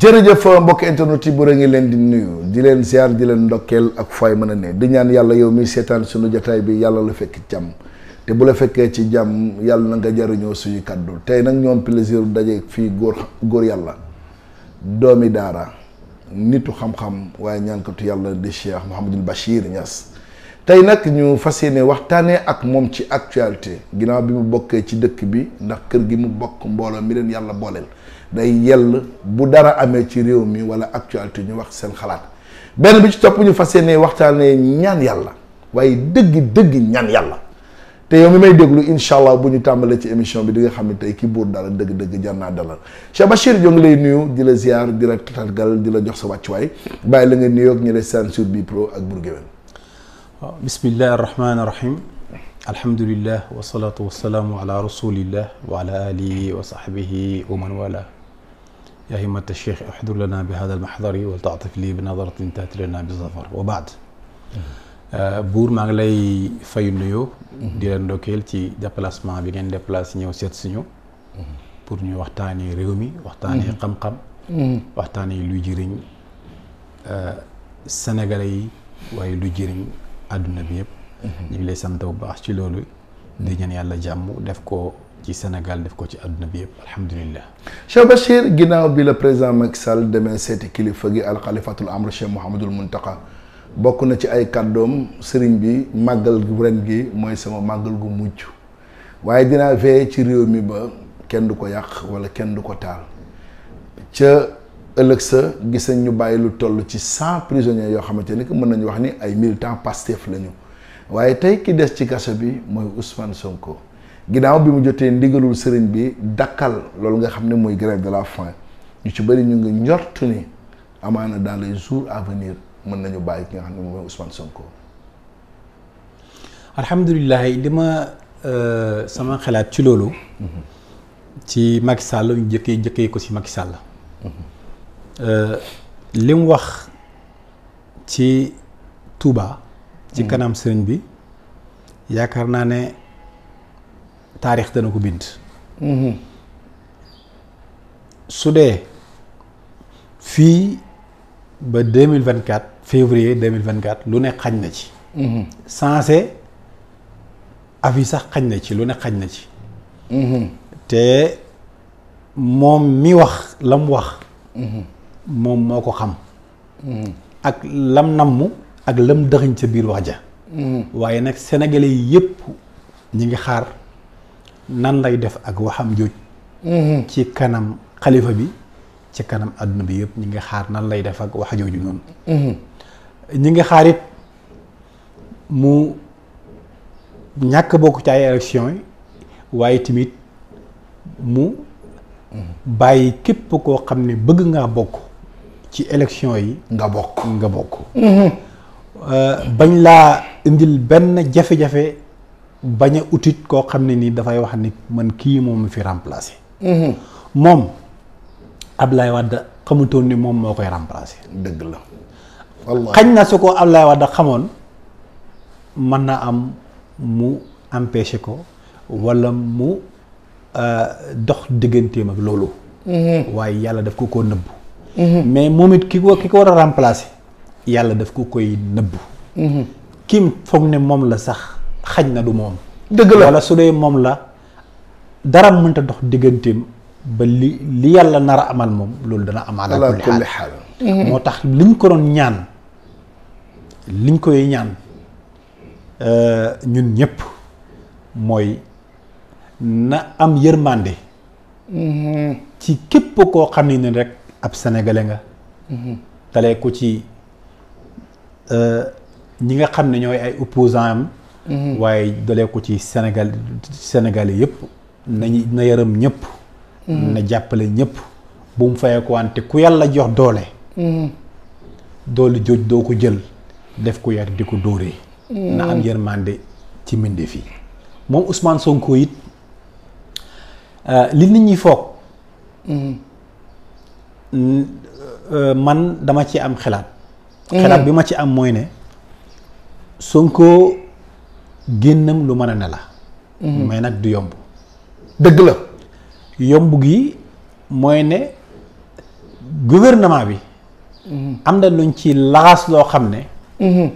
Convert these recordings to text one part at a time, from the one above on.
jërëjëf mbokk internet yi bëre ngi leen di nuyu di leen ziar di leen ndokkeel ak fay mën a ne di ñaan yàlla yow mi seetaan sunu jataay bi yàlla la fekk jàmm te bu la fekkee ci jàmm yàlla na nga jariñoo suñu kàddu tey nag ñoom plaisir daje fii góor góor yàlla doomi daara nitu xam-xam waaye ñaankatu yàlla di Cheikh Mouhamadul Bachir Niass tey nag ñu fas yéene waxtaanee ak moom ci actualité ginnaaw bi mu bokkee ci dëkk bi ndax kër gi mu bokk mbooloo mi leen yàlla booleel day yell bu dara amee ci réew mi wala actualité ñu wax seen xalaat benn bi ci topp ñu fas yéene waxtaanee ñaan yàlla waaye dëgg dëgg ñaan yàlla te yow mi may déglu incha allah bu ñu tàmbalee ci émission bi di nga xam ne tey kii buur dara dëgg-dëgg jar naa dalal Cheikh Bachir ngi lay nuyu di la ziar di la tàggal la jox sa wàccuwaay bàyyi la nga nuyoog ñu lay saan sur bi pro ak Bour Gueweul waaw bismillahi arrahmani irrahim alhamdulilah wasalaatu wasalaamu ala rasulillah wa ala alihi wa saxbihi wa man wala yaa himmata cheikh axdur lana bi hada almaxdari wal taataf li bi nadaratin taati lana bi safar wa baad euh, buur maa ngi lay fayu nuyoo di leen ndokkeel ci déplacement bi ngeen déplacé ñëw seet suñu pour ñu waxtaanee réew mi waxtaanee mm-hmm. xam-xam mm-hmm. waxtaanee luy jëriñ euh, sénégalais yi waaye luy jëriñ adduna bi yëpp mhm. ñu ngi lay sant bu baax ci loolu di ñaan yàlla jàmm def ko ci Sénégal def ko ci àdduna bi yëpp alhamdulilah Cheikh Bachir ginnaaw bi la président mag Sall demee seeti kilifa gi alxalifatul amr Cheikh Mouhamadul Muntaka bokk na ci ay kàddoom sëriñ bi màggal gu ren gi mooy sama màggal gu mujj waaye dinaa veillé ci réew mi ba kenn du ko yàq wala kenn du ko taal ca ëllëg sa gis nañ ñu bàyyi lu toll ci cent prisonniers yoo xamante ni que mën nañu wax ni ay militants Pastef lañu waaye tey ki des ci kaso bi mooy Ousmane Sonko ginnaaw bi mu jotee ndigalul sëriñ bi dakkal loolu nga xam ne mooy grève de la faim ñu ci bari ñu ngi njort ni amaana dans les jours à venir mën nañu bàyyi ki nga xam ne mooy Ousmane Sonko. alhamdulilah li ma euh, sama xalaat ci loolu. Mm-hmm. ci Macky Sall ñu jëkkee jëkkee ko ci Macky Sall. Mm-hmm. Euh, li wax ci Touba. ci mm. kanam sëriñ bi yaakaar naa ne taarix dana ko bind. Mm-hmm. su dee fii ba mille vingt quatre février deux mille vingt quatre lu ne xañ na ci. Mm-hmm. censé af yi sax xañ na ci lu ne xañ na ci. Mm-hmm. te moom mi wax la mu wax. moom moo ko xam mm. ak lam namm ak lam dëxëñ sa biir wax ja mm. waaye nag sénégalais yi yëpp ngi xaar nan lay def ak waxam jooj mm-hmm. ci kanam xalifa bi ci kanam àdduna bi yëpp ñu ngi xaar nan lay def ak wax jooju noonu mm-hmm. ñi ngi xaar mu ñàkk bokk ci ay élection waaye tamit mu mm-hmm. bàyyi képp koo xam ne bëgg ngaa bokk ci élection yi. nga bokk nga bokk. Mhm. Euh, bañ laa indil benn jafe-jafe bañ a utit koo xam ne nii dafay wax ni man kii moom mu fi remplacer. Mhm. moom lay Wade xamutoon ni moom moo koy remplacer. dëgg la. xañ na su ko Ablaye Wade xamoon mën na am mu empêcher ko walla mu euh, dox digganteem ak loolu. Mhm. waaye yàlla daf ko nëbb Mm-hmm. mais moom it ki ko ki ko war a remplacer yàlla daf ko koy nëbbu. Mm-hmm. kim foog ne moom la sax xaj na du moom. dëgg la wala su dee moom la dara mënta dox digganteem ba li li yàlla nar a amal moom loolu dana am. ala mm-hmm. moo tax liñ ko doon ñaan liñ koy ñaan euh, ñun ñëpp mooy na am yërmande. ci képp koo xam ne rek. ab sénégalais nga mhm. dalee ko ci euh, ñi nga xam ne ñooy ay opposant am mhm. waaye dalee ko ci sénégal sénégalais yëpp nañu na yaram ñëpp mhm. na jàppale ñëpp bu mu fayee ko wante ku yàlla jox doole doole jooj doo ko jël def ko yar di ko dóoree na am yërmande ci mbindeef yi moom Ousmane Sonko it euh, li nit ñi foog Euh, euh, man dama ci am xalaat. Mm. xelaat bi ma ci am mooy ne Sonko génnam lu mën a ne la. Mm-hmm. mais nag du yomb. dëgg la. yomb gi mooy ne gouvernement bi. Mm-hmm. am na luñ ci laxas loo xam ne. Mm-hmm.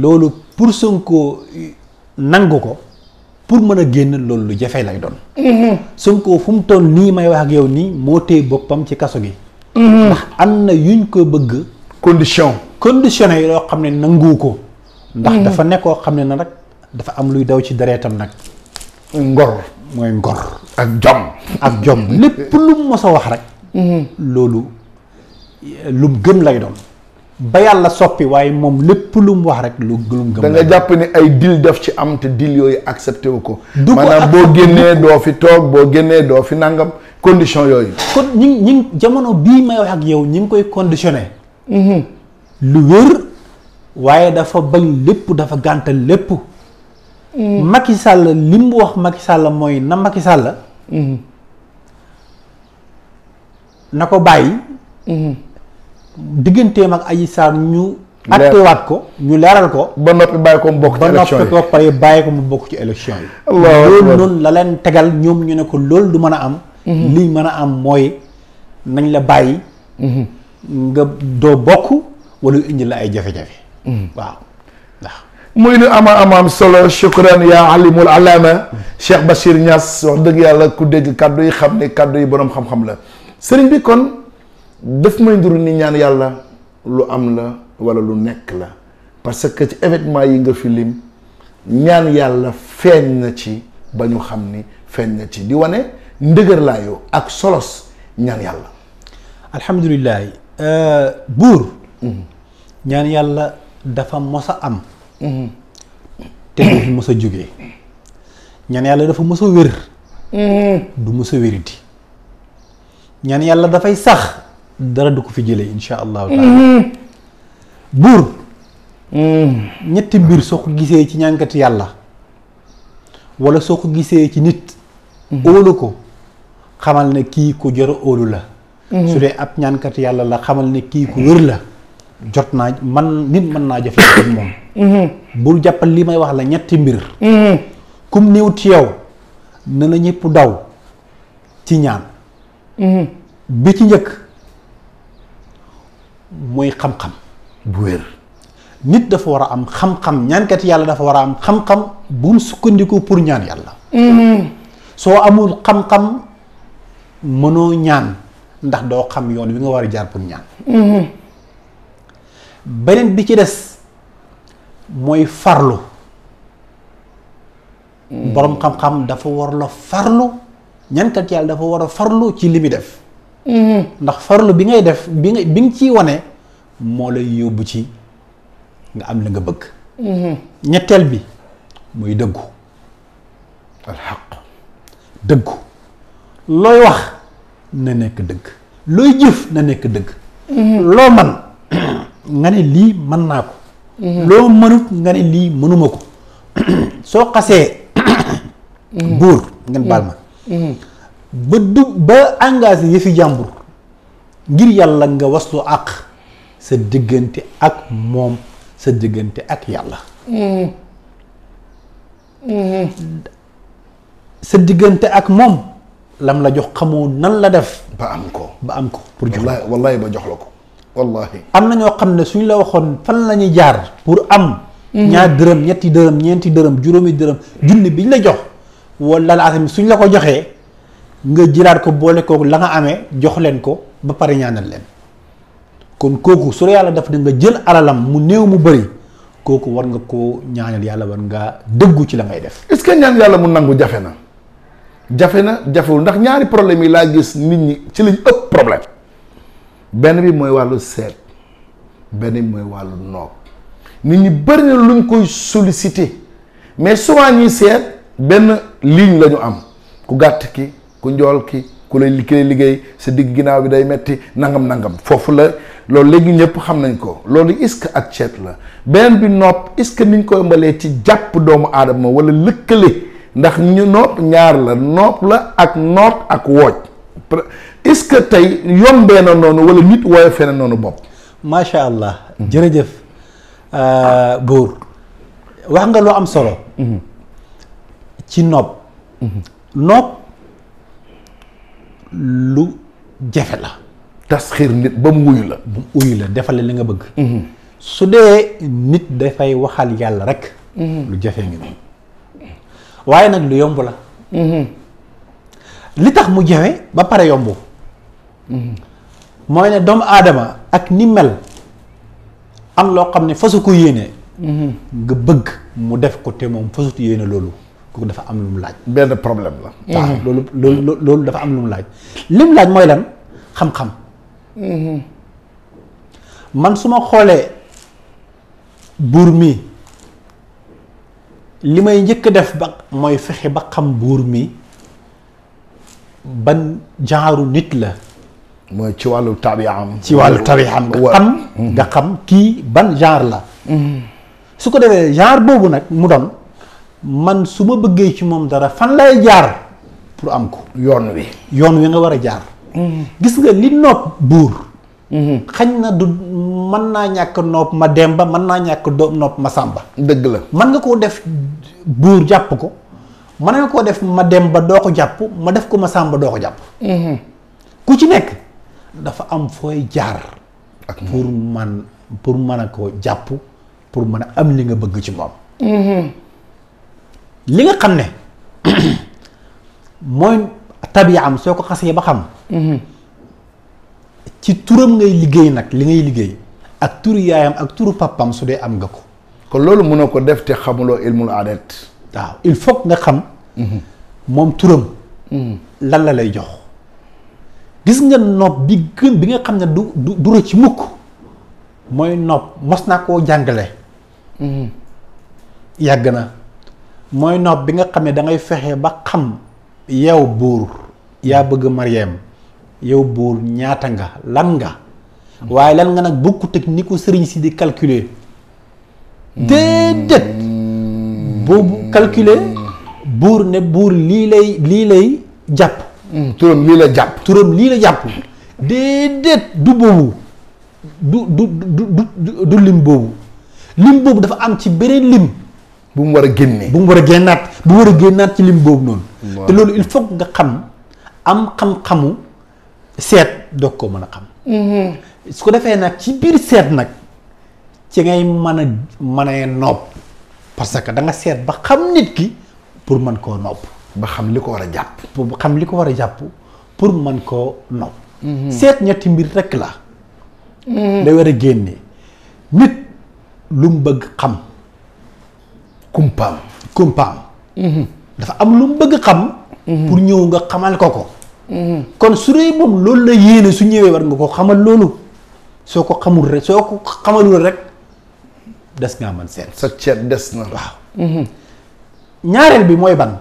loolu pour Sonko nangu ko. pour mën a génn loolu lu jafe lay doon. Mhm. Sonko fu mu toll nii may wax ak yow nii moo téye boppam ci kaso gi. Mhm. ndax am na yuñ ko bëgg. condition conditionné yi loo xam ne nanguwu ko. ndax mhm. dafa nekkoo xam ne na rek dafa am luy daw ci dereetam nag. ngor mooy ngor. ak jom ak jom lépp lu mu mos a wax rek. loolu lu gën lay doon. ba yàlla soppi waaye moom lépp lu mu wax rek lu gëm gëm da jàpp ni ay dil def ci am te dil yooyu accepté wu ko maanaam boo génnee doo fi toog boo génnee doo fi nangam condition yooyu kon ñi ngi jamono bii may wax ak yow ñi ngi koy conditionné mhm. lu wér waaye dafa bañ lépp dafa gàntal lépp mhm. Macky Sall li wax Macky Sall mooy na Macky Sall mhm. na ko bàyyi digganteem ak ay Sarr ñu. attewaat ko ñu leeral ko. ba noppi bàyyi ko mu bokk ci élection yi ba noppi ko pare bàyyi ko mu bokk ci élection yi. loolu noonu la leen tegal ñoom ñu ne ko loolu du mën a am. Mhm. li mën a am mooy nañ la bàyyi. Mhm. nga doo bokk wala indi la ay jafe-jafe. Mhm. waaw waaw. muy lu ama amaam solo shukran yaa alimul alaama Cheikh Bachir Niass wax dëgg yàlla ku dégg kàddu yi xam ne kaddu yi borom xam-xam la sëriñ bi kon. daf may nduru ni ñaan yàlla lu am la walla lu nekk la parce que ci événement yi nga fi lim ñaan yàlla feeñ na ci ba ñu xam ni feeñ na ci di wane ndëgërlaayu ak solos ñaan yàlla alhamdulilah euh, buur mhm. ñaan yàlla dafa mos a am mhm. te du mos a jóge ñaan yàlla dafa mos a wér mhm. ñaan yàlla dafay sax dara du ko fi jële incha allahu taala mm-hmm. buur mm-hmm. ñetti mbir soo ko gisee ci ñànkati yàlla wala soo ko gisee ci nit mm-hmm. óolu ko xamal ne kii ko jor óolu la su dee ab ñaankat yàlla la xamal ne kii ku wér la jot naa man nit mën naa jëf moom bul jàppal li may wax la ñetti mbir kum néew ci yow la ñëpp daw ci ñaan bi ci njëkk mooy xam-xam bu wér nit dafa war a am xam-xam ñaankat yàlla dafa war a am xam-xam sukkandiku pour ñaan yàlla mm-hmm. soo amul xam mënoo ñaan ndax doo xam yoon wi nga war a jaar pour ñaan mm-hmm. beneen bi ci des mooy farlu mm. boroom xam-xam dafa war la farlu ñaankat yàlla dafa war a farlu ci li muy def Mm-hmm. ndax farlu bi ngay def bi nga bi nga ciy wane moo lay yóbbu ci nga am la nga bëgg. Mm-hmm. ñetteel bi muy dëggu. alxaq dëggu. looy wax na nekk dëgg. looy jëf na nekk dëgg. Mm-hmm. loo man nga ne lii mën naa ko. loo mënut nga ne lii mënuma ko. soo xasee. buur ngeen baal ma. ba du ba engagé fi jàmbur ngir yàlla nga was waslu àq sa diggante ak moom sa diggante ak yàlla mm-hmm. Mm-hmm. sa diggante ak moom lam la jox xamoo nan la def ba am ko ba am ko pour jox la wallahi ba jox la ko wallahi am na ñoo xam ne suñ la waxoon fan la ñuy jaar pour am mm-hmm. ñaar dërëm ñetti dërëm ñeenti dërëm juróomi dërëm junni biñ la jox wala la suñ la ko joxee nga jëlaat ko boole kook la nga amee jox leen ko ba pare ñaanal leen kon kooku su la yàlla daf ne nga jël alalam mu néew mu bëri kooku war nga ko ñaanal yàlla war nga dëggu ci la ngay def. est-ce que ñaan yàlla mu nangu jafe na jafe na jafewul ndax ñaari problème yi laa gis nit ñi ci lañ ëpp problème benn bi mooy wàllu seet benn bi mooy wàllu noog nit ñi bëri na luñ koy solliciter mais souvent ñuy seet benn ligne la ñu am ku gàtt ki. ku njool ki ku lay liggéey liggéey sa digg ginnaaw bi day metti nangam nangam foofu la loolu léegi ñëpp xam nañ ko loolu est-ce que ak ceet la beneen bi nopp est-ce que niñ koy mbalee ci jàpp doomu aadama wala lëkkale ndax ñu nopp ñaar la nopp la ak noot ak wooj est-ce que tey yombee na noonu wala nit wooye feneen noonu bopp macha allah mhm. jërëjëf euh, buur wax nga lu am solo mhm. ci nopp mhm. nopp lu jafe la tas nit ba mu wuyu la bu wuyu la defal li nga bëgg mm-hmm. su dee nit dafay waxal yàlla rek mm-hmm. lu jafe ngi noonu waaye nag lu yomb la mm-hmm. li tax mu jafe ba pare yomb mooy ne doomu aadama ak ni mel am loo xam ne fasu ko yéene nga bëgg mu def ko te moom fasut yéene loolu kooku dafa am lu mu laaj. benn problème la. waaw mhm. loolu loolu loolu dafa am lu mu laaj. lim laaj mooy len xam-xam. Mhm. man su ma xoolee buur mi li may njëkk def ba mooy fexe ba xam buur mi ban genre nit la. mooy ci wàllu tabi'am. ci wàllu am nga xam. Mhm. nga xam kii ban genre la. su ko defee genre boobu nag mu doon. man su ma bëggee ci moom dara fan lay jaar pour am ko. yoon wi yoon wi nga war a jaar. Mm-hmm. gis nga li nopp buur. Mm-hmm. xañ na du mën naa ñàkk nopp ma dem ba mën naa ñàkk nopp ma sàmba. dëgg la mën nga koo def buur jàpp ko mën nga koo def ma dem ba doo ko jàpp ma def ko ma sàmba doo ko jàpp. Mm-hmm. ku ci nekk dafa am fooy jaar. ak pour man pour mën a koo jàpp pour mën a am li nga bëgg ci moom. li nga xam ne mooy tabiyaam soo ko xasee ba xam mhm. ci turam ngay liggéey nag li ngay liggéey ak turu yaayam ak turu papam su dee am nga ko kon loolu mënoo ko def te xamuloo ilmul adat waaw il faut nga xam mhm. moom turam mhm. lan la lay jox gis nga nopp bi gën bi nga xam ne du du ci mukk mooy nopp mos naa koo jàngale yàgg na mooy nopp bi nga xam ne da ngay fexe ba xam yow buur yaa hmm. bëgg Mariyam yow buur ñaata nga lan nga waaye lan nga nag bokkut ak ni ko sëriñ si di calculer hmm. déedéet boobu calculer buur ne buur lii lay lii lay jàpp hmm, turam lii la jàpp turam lii la jàpp déedéet du boobu du du du du lim boobu lim boobu dafa am ci beneen lim bu mu war a génnee bu mu war a génnaat bu war a génnaat ci lim boobu noonu. te loolu il faut nga xam am xam-xamu seet doog ko mën a xam. Mm-hmm. su ko defee nag ci biir seet nag ci ngay mën a mënee nopp parce que da nga seet ba xam nit ki pour mën koo nopp. ba xam li ko war a jàpp. pour xam li ko war a jàpp pour mën koo nopp. Mm-hmm. seet ñetti mbir rekk la. Mm-hmm. da war a génne nit lu mu bëgg xam. kumpaam kumpaam mhm. dafa am lu mu bëgg xam mhm. pour ñëw nga xamal ko ko mhm. kon su dee moom loolu la yéene su ñëwee war nga ko xamal loolu soo ko xamul rek soo ko xamalul rek des ngaa man seet sa ceet des na waaw ñaareel bi mooy ban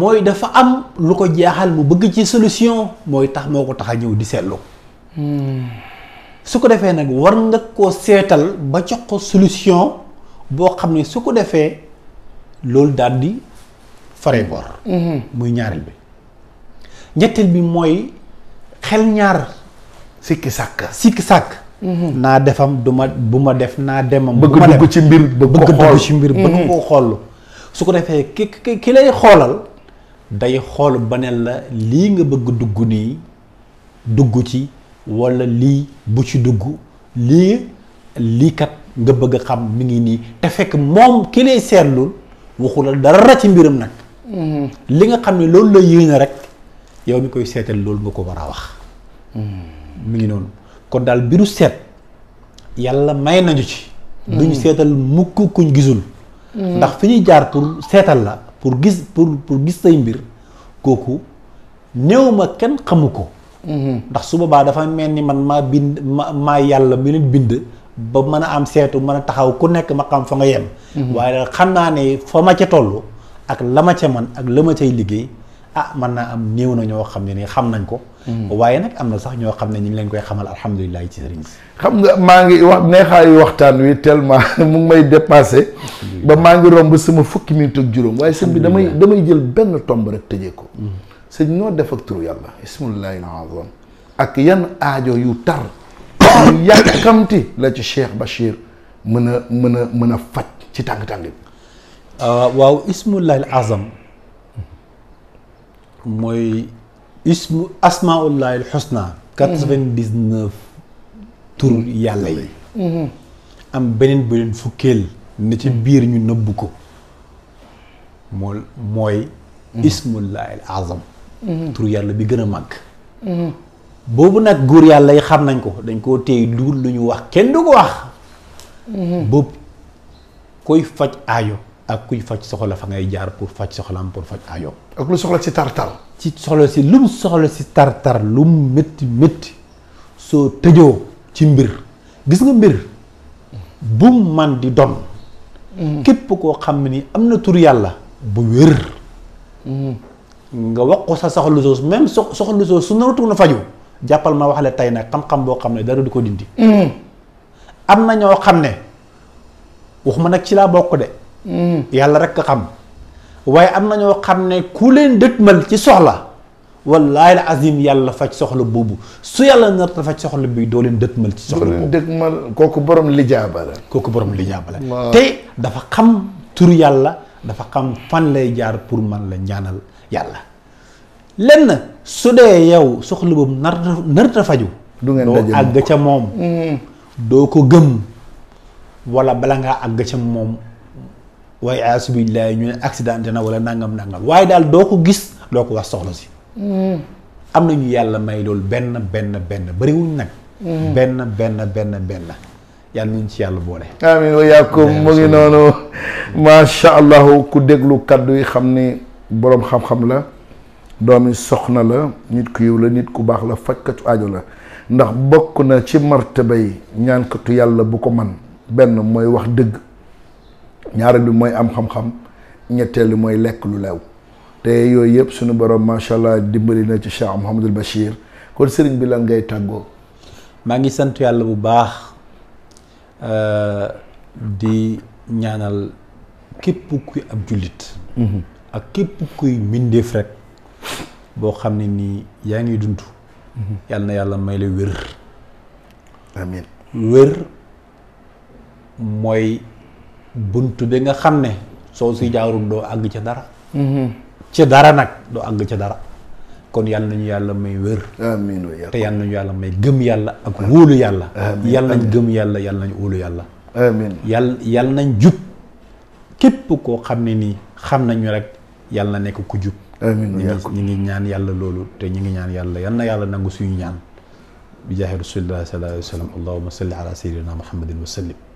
mooy dafa am lu ko jaaxal mu bëgg ci solution mooy tax moo ko tax a ñëw di seetlu hmm. su ko defee nag war nga koo seetal ba jox solution boo xam ne su ko defee loolu daal di fare mm. bor mm-hmm. muy ñaareel bi ñetteel bi mooy xel ñaar sikki sàkk sikki sàkk mm-hmm. Mm-hmm. naa defam du ma bu ma def naa demam bëgg dugg ci mbir bëgg dugg ci mbir bëgg koo xool su ko defee ki ki lay xoolal day xool ba ne la lii nga bëgg dugg nii dugg ci walla lii bu ci dugg lii liikat nga bëgg xam mi ngi nii te fekk moom ki lay seetlul waxu la dara ci mbiram nag. Mm-hmm. li nga xam ne loolu la yéene rek yow mi koy seetal loolu nga ko war a wax. Mm-hmm. mi ngi noonu kon daal biru seet yàlla may nañu ci. duñu mm-hmm. seetal mukk kuñ gisul. ndax fi ñuy jaar pour seetal la pour gis pour pour gis say mbir kooku néew kenn xamu ko. ndax su boobaa dafa mel ni man maa bind ma maa yàlla mi leen bind. ba mën a am seetu mën a taxaw ku nekk ma xam fa nga yem. Mhm. waaye naa ne fa ma ca toll ak la ma ca man ak la ma cay liggéey ah mën naa am néew na ñoo xam ne ni xam nañ ko. Mhm. waaye nag am na sax ñoo xam ne ñu ngi leen koy xamal alhamdulilah ci sëriñ si. nga maa ngi wax neexaayu waxtaan wi tellement mu may dépassé. ba maa ngi romb sama fukki minute ak juróom waaye sëñ bi damay damay jël benn tomb rek tëje ko. Mhm. sëñ noo def ak turu yàlla ismullahi al azam ak yan aajo yu tar. yàkkamti la ci Cheikh Bachir mën a mën a mën a faj ci tàng-tàng bi ah, waaw ismullahil azam mooy ismu asmaullahil xusna quatre vingt yàlla yi am beneen beneen fukkeel ne ci biir ñu nëbb ko moo mooy ismullahil azam mm-hmm. tur yàlla bi gën a màgg mm-hmm. boobu nag góor yàlla yi xam nañ ko dañ koo téye duul lu ñu wax kenn du ko wax. Mhm. boobu koy faj aajo ak kuy faj soxla fa ngay jaar pour faj soxlaam faj aajo. ak soxla si tartar. ci soxla si lu soxla si tartar lu mu métti métti soo ci mbir gis nga mbir bu di doon. Mhm. képp koo xam ni am na tur yàlla bu wér. Mhm. nga wax ko sa soxla soosu même soxla soosu su narutu na faju jàppal ma wax la tey nag xam-xam boo xam ne dara du ko dindi. Mm. am na ñoo xam ne waxuma nag ci laa bokk de. Mm. yàlla rek a xam. waaye am na ñoo xam ne ku leen dëkkmal ci soxla wallaahi la azim yàlla faj soxla boobu su yàlla nar a faj soxla bi doo leen dëkkmal ci soxla boobu dëkkmal kooku borom lijaaba la kooku borom lijaaba la te dafa xam tur yàlla dafa xam fan lay jaar pour man la ñaanal yàlla lenn su dee yow soxla boobu nar narta faju du ngeen doo àgg ca moom mm-hmm. doo ko gëm wala bala ngaa àgg ca moom waaye asubillahi ñu ne accidenté na wala nangam nangam waaye daal doo ko gis doo ko wax soxla si mm-hmm. am nañu yàlla may loolu benn benn benn bëriwuñ nag mm-hmm. benn benn benn benn yàlla nañ ci yàlla boole amin wa mu ngi noonu macha allah ku déglu kàddu yi xam ni boroom xam-xam la doomi soxna la nit ku yiw la nit ku baax la fajkatu ajo la ndax bokk na ci martabay ñaankatu yàlla bu ko man benn mooy wax dëgg ñaareel bi mooy am xam-xam ñetteel bi mooy lekk lu leew te yooyu yëpp suñu borom macha allah dimbali na ci Cheikh Mouhamadul Bachir kon sëriñ bi lan ngay tàggoo. maa ngi sant yàlla bu baax euh, di ñaanal képp kuy ab jullit. Mhm. ak képp kuy mbindeef rek. boo xam ne nii yaa ngi dund. Mhm. yàlla na yàlla may la wér. wér mooy bunt bi nga xam ne soo si jaarul doo àgg ca dara. Mhm. ca dara nag doo àgg ca dara. kon yàlla nañu yàlla may wér. amiin te yàlla nañu yàlla may gëm yàlla ak wóolu yàlla. amiin yàlla nañ gëm yàlla yàlla nañ wóolu yàlla. amiin nañ jub képp koo xam ne nii xam nañu rek yàlla na nekk ko jub. amiin ñu ngi ñaan yàlla loolu te ñu ngi ñaan yàlla yan na yàlla nangu suñu ñaan bi la rasulillah sallallahu alayhi wa sallam allahuma salli ala sayyidina muhammadin wa sallim